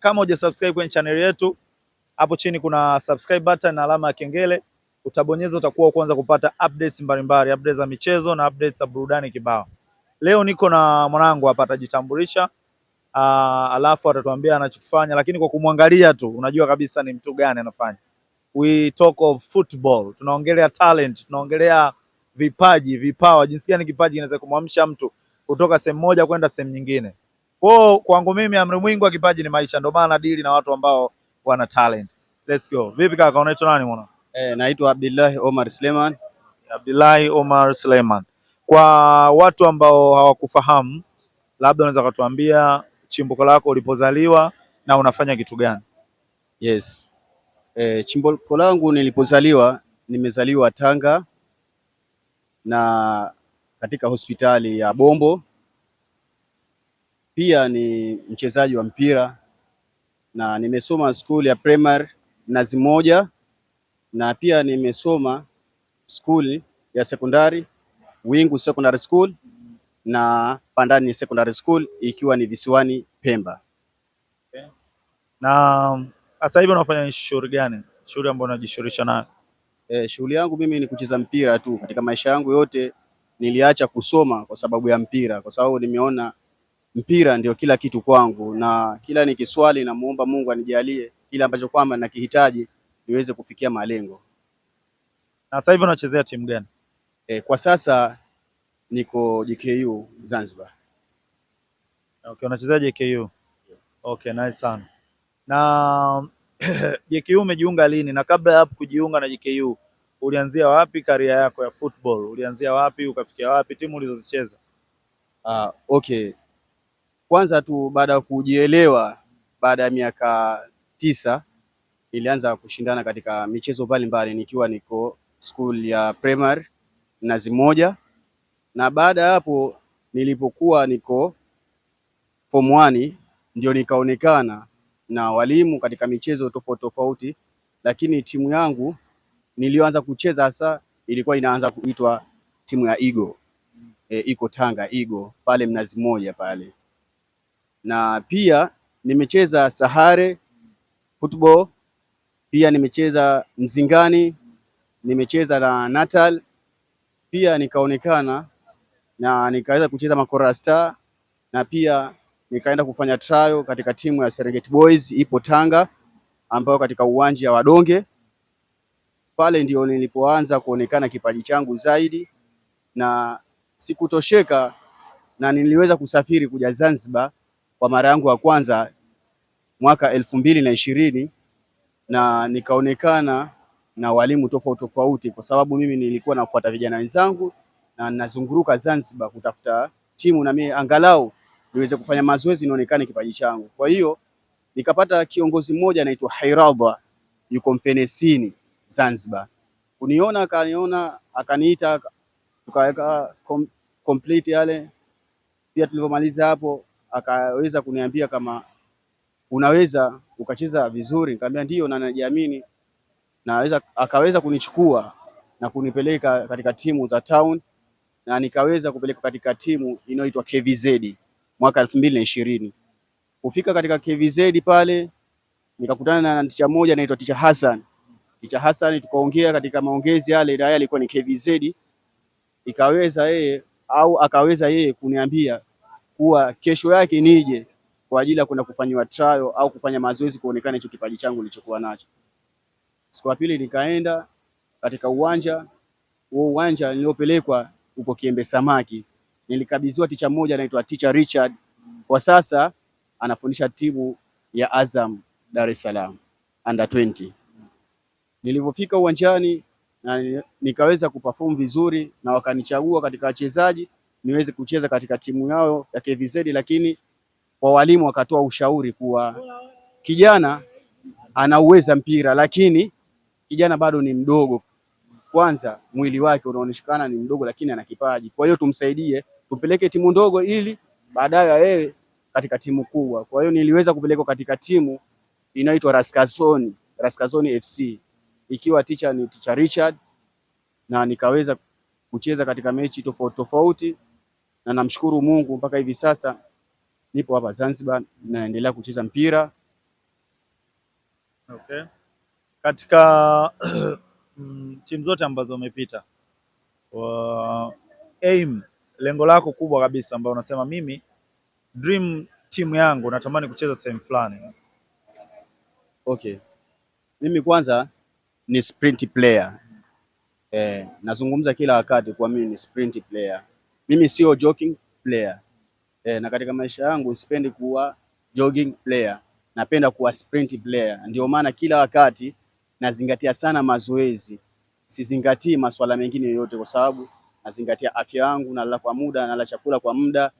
Kama hujasubscribe kwenye channel yetu, hapo chini kuna subscribe button na alama ya kengele, utabonyeza utakuwa kwanza kupata updates mbalimbali, updates za michezo na updates za burudani kibao. Leo niko na mwanangu hapa, atajitambulisha ah, alafu atatuambia anachokifanya, lakini kwa kumwangalia tu unajua kabisa ni mtu gani anafanya. We talk of football, tunaongelea talent, tunaongelea vipaji, vipawa, jinsi gani kipaji kinaweza kumwamsha mtu kutoka sehemu moja kwenda sehemu nyingine. Kwao kwangu mimi amri mwingu wa kipaji ni maisha, ndio maana deal na watu ambao wana talent. Let's go. Vipi kaka, unaitwa nani mwana? Eh, naitwa Abdullahi Omar Suleiman. Abdullahi Omar Suleiman. Kwa watu ambao hawakufahamu, labda unaweza kutuambia chimbuko lako ulipozaliwa na unafanya kitu gani? Yes. Eh, chimbuko langu nilipozaliwa, nimezaliwa Tanga na katika hospitali ya Bombo pia ni mchezaji wa mpira na nimesoma skuli ya primary Mnazi Mmoja, na pia nimesoma skuli ya sekondari Wingu Secondary School na Pandani Secondary School ikiwa ni visiwani Pemba. Okay. Na sasa hivi unafanya shughuli gani? Shughuli ambayo unajishughulisha nayo? Eh, shughuli yangu mimi ni kucheza mpira tu. Katika maisha yangu yote niliacha kusoma kwa sababu ya mpira, kwa sababu nimeona mpira ndio kila kitu kwangu, na kila nikiswali namuomba Mungu anijalie kile ambacho kwamba nakihitaji niweze kufikia malengo. Na sasa hivi unachezea timu gani? E, kwa sasa niko JKU Zanzibar. Okay, unachezea JKU? Yeah. Okay, nice sana. Na JKU umejiunga lini? Na kabla ya kujiunga na JKU ulianzia wapi karia yako ya football? Ulianzia wapi ukafikia wapi, timu ulizozicheza? Ah, okay kwanza tu baada ya kujielewa, baada ya miaka tisa nilianza kushindana katika michezo mbalimbali nikiwa niko school ya primary Mnazi Mmoja, na baada ya hapo nilipokuwa niko form 1 ndio nikaonekana na walimu katika michezo tofauti tofauti, lakini timu yangu niliyoanza kucheza hasa ilikuwa inaanza kuitwa timu ya Igo e, eh, iko Tanga Igo pale Mnazi Mmoja pale na pia nimecheza Sahare football, pia nimecheza Mzingani, nimecheza na Natal, pia nikaonekana na nikaweza kucheza Makora Star na pia nikaenda kufanya trial katika timu ya Serengeti Boys ipo Tanga, ambayo katika uwanja wa Wadonge pale ndio nilipoanza kuonekana kipaji changu zaidi, na sikutosheka na niliweza kusafiri kuja Zanzibar kwa mara yangu ya kwanza mwaka elfu mbili na ishirini na nikaonekana na walimu tofauti tofauti, kwa sababu mimi nilikuwa nafuata vijana wenzangu na nazunguruka Zanzibar kutafuta timu na mimi angalau niweze kufanya mazoezi nionekane kipaji changu. Kwa hiyo nikapata kiongozi mmoja anaitwa Hairaba, yuko Mfenesini Zanzibar, kuniona akaniona, akaniita tukaweka complete yale. Pia tulivyomaliza hapo akaweza kuniambia kama unaweza ukacheza vizuri, nikamwambia ndio, na najiamini naweza. Akaweza kunichukua na kunipeleka katika timu za town na nikaweza kupeleka katika timu inayoitwa KVZ mwaka elfu mbili na ishirini. Kufika katika KVZ pale nikakutana na ticha moja anaitwa ticha Hassan. Ticha Hassan tukaongea katika maongezi yale, na yeye alikuwa ni KVZ, ikaweza yeye au akaweza yeye kuniambia kuwa kesho yake nije kwa ajili ya kwenda kufanyiwa trial au kufanya mazoezi kuonekana hicho kipaji changu nilichokuwa nacho. Siku ya pili nikaenda katika uwanja huo, uwanja niliopelekwa uko Kiembe Samaki, nilikabidhiwa ticha mmoja anaitwa ticha Richard, kwa sasa anafundisha timu ya Azam Dar es Salaam under 20. Nilipofika uwanjani na nikaweza kuperform vizuri na wakanichagua katika wachezaji niweze kucheza katika timu yao ya KVZ, lakini kwa walimu wakatoa ushauri kuwa kijana anauweza mpira, lakini kijana bado ni mdogo. Kwanza mwili wake unaonekana ni mdogo, lakini ana kipaji. Kwa hiyo tumsaidie, tupeleke timu ndogo, ili baadaye yeye katika timu kubwa. Kwa hiyo niliweza kupelekwa katika timu inaitwa Raskazoni, Raskazoni FC, ikiwa ticha ni ticha Richard, na nikaweza kucheza katika mechi tofauti tofauti na namshukuru Mungu mpaka hivi sasa nipo hapa Zanzibar naendelea kucheza mpira. Okay. Katika mm, timu zote ambazo umepita aim, lengo lako kubwa kabisa ambayo unasema mimi dream timu yangu natamani kucheza sehemu fulani. Okay. Mimi kwanza ni sprint player. Eh, nazungumza kila wakati kwa mimi ni sprint player. Mimi sio jogging player e, na katika maisha yangu sipendi kuwa jogging player, napenda kuwa sprint player. Ndio maana kila wakati nazingatia sana mazoezi, sizingatii masuala mengine yoyote, kwa sababu nazingatia afya yangu, nala kwa muda, nala chakula kwa muda,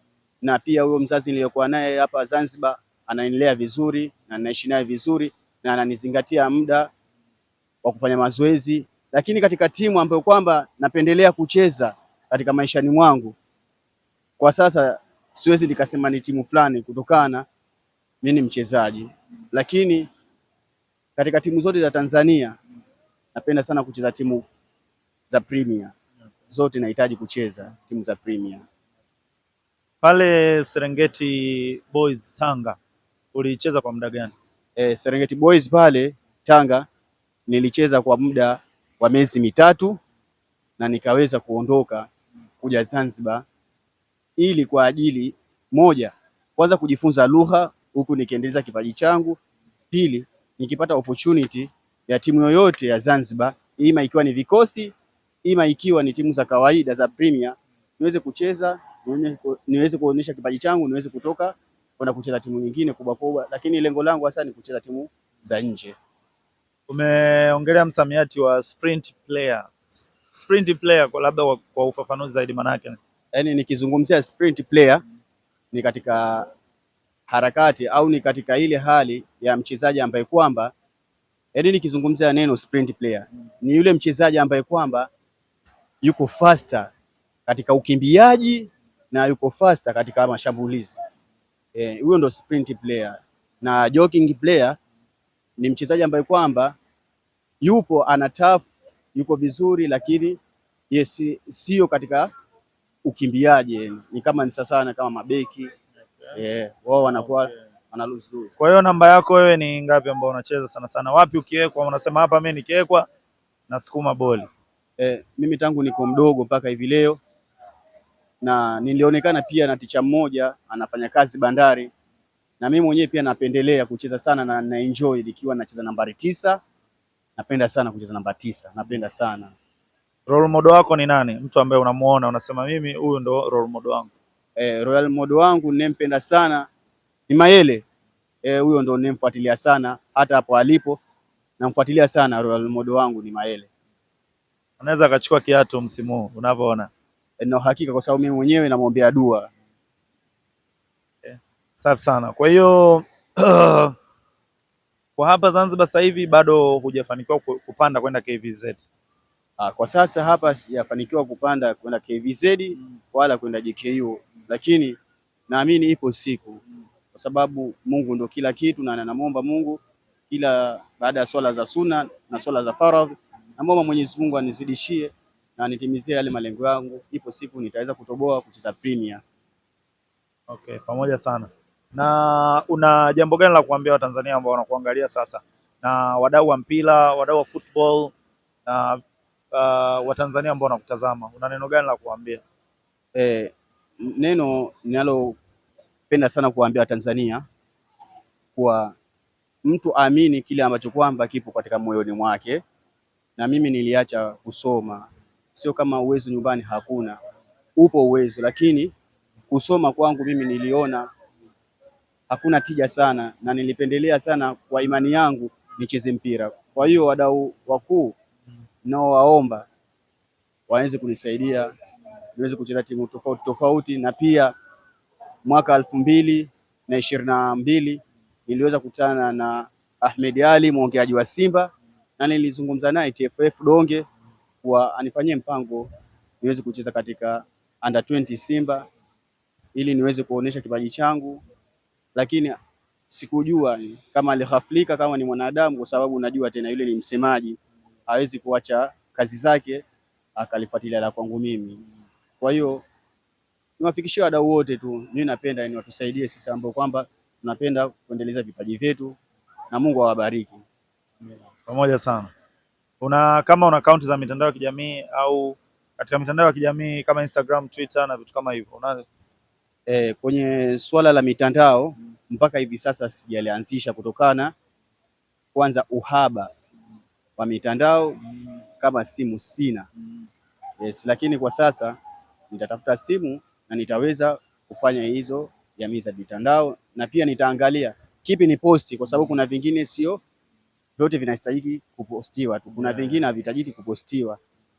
na pia huyo mzazi niliyokuwa naye hapa Zanzibar ananilea vizuri na naishi naye vizuri na ananizingatia muda wa kufanya mazoezi. Lakini katika timu ambayo kwamba napendelea kucheza katika maishani mwangu kwa sasa siwezi nikasema ni timu fulani kutokana mimi ni mchezaji, lakini katika timu zote za Tanzania napenda sana kucheza timu za Premier zote, nahitaji kucheza timu za Premier. Pale Serengeti Boys Tanga ulicheza kwa muda gani? E, Serengeti Boys pale Tanga nilicheza kwa muda wa miezi mitatu na nikaweza kuondoka kuja Zanzibar ili kwa ajili moja, kwanza kujifunza lugha huku nikiendeleza kipaji changu; pili, nikipata opportunity ya timu yoyote ya Zanzibar, ima ikiwa ni vikosi, ima ikiwa ni timu za kawaida za Premier, niweze kucheza, niweze kuonyesha kipaji changu, niweze kutoka kwenda kucheza timu nyingine kubwa kubwa, lakini lengo langu hasa ni kucheza timu za nje. Umeongelea msamiati wa sprint player. Sprint player kwa labda kwa ufafanuzi zaidi manake yani nikizungumzia sprint player ni katika harakati au ni katika ile hali ya mchezaji ambaye kwamba yani, nikizungumzia neno sprint player ni yule mchezaji ambaye kwamba yuko faster katika ukimbiaji na yuko faster katika mashambulizi e, huyo, e, ndo sprint player. Na jogging player ni mchezaji ambaye kwamba yupo ana tough, yuko vizuri, lakini yes, siyo katika ukimbiaje, ni kama ni sasana kama mabeki yeah, wao wanakuwa wana lose lose. Kwa hiyo namba yako wewe ni ngapi ambao unacheza sana sana, wapi ukiwekwa unasema hapa mimi nikiwekwa sukuma boli? Eh, mimi tangu niko mdogo mpaka hivi leo, na nilionekana pia na ticha mmoja anafanya kazi Bandari, na mimi mwenyewe pia napendelea kucheza sana na na enjoy nikiwa nacheza nambari tisa. Napenda sana kucheza namba tisa, napenda sana Role model wako ni nani? Mtu ambaye unamuona unasema mimi huyu ndo role model wangu. Eh, role model wangu ninempenda sana ni Mayele. Eh, huyo ndo ninemfuatilia sana hata hapo alipo namfuatilia sana, role model wangu ni Mayele. Anaweza akachukua kiatu msimu huu unavyoona? Eh, na hakika kwa sababu mimi mwenyewe namwombea dua. Eh, safi sana. Kwa hiyo kwa hapa Zanzibar sasa hivi bado hujafanikiwa kupanda kwenda KVZ. Ah, kwa sasa hapa sijafanikiwa kupanda kwenda KVZ mm. wala kwenda JKU, mm. lakini naamini ipo siku, mm. kwa sababu Mungu ndo kila kitu, na namwomba Mungu kila baada ya swala za suna na swala za faradhi, namwomba Mwenyezi Mungu anizidishie na nitimizie yale malengo yangu. Ipo siku nitaweza kutoboa kucheza premier. Okay, pamoja sana. Na una jambo gani la kuambia Watanzania ambao wanakuangalia sasa, na wadau wa mpira, wadau wa football na uh, Watanzania ambao wanakutazama, una neno gani la kuambia? Eh, neno ninalopenda sana kuwaambia Watanzania kuwa mtu aamini kile ambacho kwamba kipo katika moyoni mwake. Na mimi niliacha kusoma, sio kama uwezo nyumbani hakuna, upo uwezo, lakini kusoma kwangu mimi niliona hakuna tija sana, na nilipendelea sana kwa imani yangu nicheze mpira. Kwa hiyo wadau wakuu ninaowaomba waweze kunisaidia niweze kucheza timu tofauti tofauti, na pia mwaka elfu mbili na ishirini na mbili niliweza kukutana na Ahmed Ali mwongeaji wa Simba na nilizungumza naye TFF Donge kwa anifanyie mpango niweze kucheza katika under 20 Simba ili niweze kuonesha kipaji changu, lakini sikujua kama alighaflika kama ni mwanadamu, kwa sababu najua tena yule ni msemaji hawezi kuacha kazi zake akalifuatilia la kwangu mimi. Kwa hiyo niwafikishie wadau wote tu, mimi napenda ni watusaidie sisi ambao kwamba tunapenda kuendeleza vipaji vyetu, na Mungu awabariki pamoja sana. Una kama una akaunti za mitandao ya kijamii au katika mitandao ya kijamii kama Instagram, Twitter na vitu kama hivyo una... E, eh, kwenye suala la mitandao mpaka hivi sasa sijalianzisha kutokana kwanza uhaba kwa mitandao mm. kama simu sina mm. Yes, lakini kwa sasa nitatafuta simu na nitaweza kufanya hizo jamii za mitandao na pia nitaangalia kipi ni posti, kwa sababu kuna vingine sio vyote vinahitajiki kupostiwa tu, kuna vingine havihitajiki kupostiwa,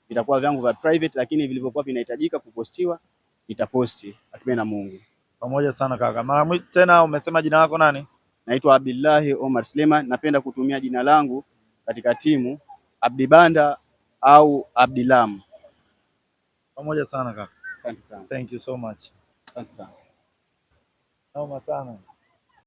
vitakuwa vyangu vya private, lakini vilivyokuwa vinahitajika kupostiwa nitaposti. Akibe na Mungu pamoja sana. Kaka, mara tena, umesema jina lako nani? Naitwa Abdullahi Omar Suleiman. Napenda kutumia jina langu katika timu Abdibanda au Abdilam. Pamoja sana kaka. Asante sana. Thank you so much. Asante sana. Naoma sana.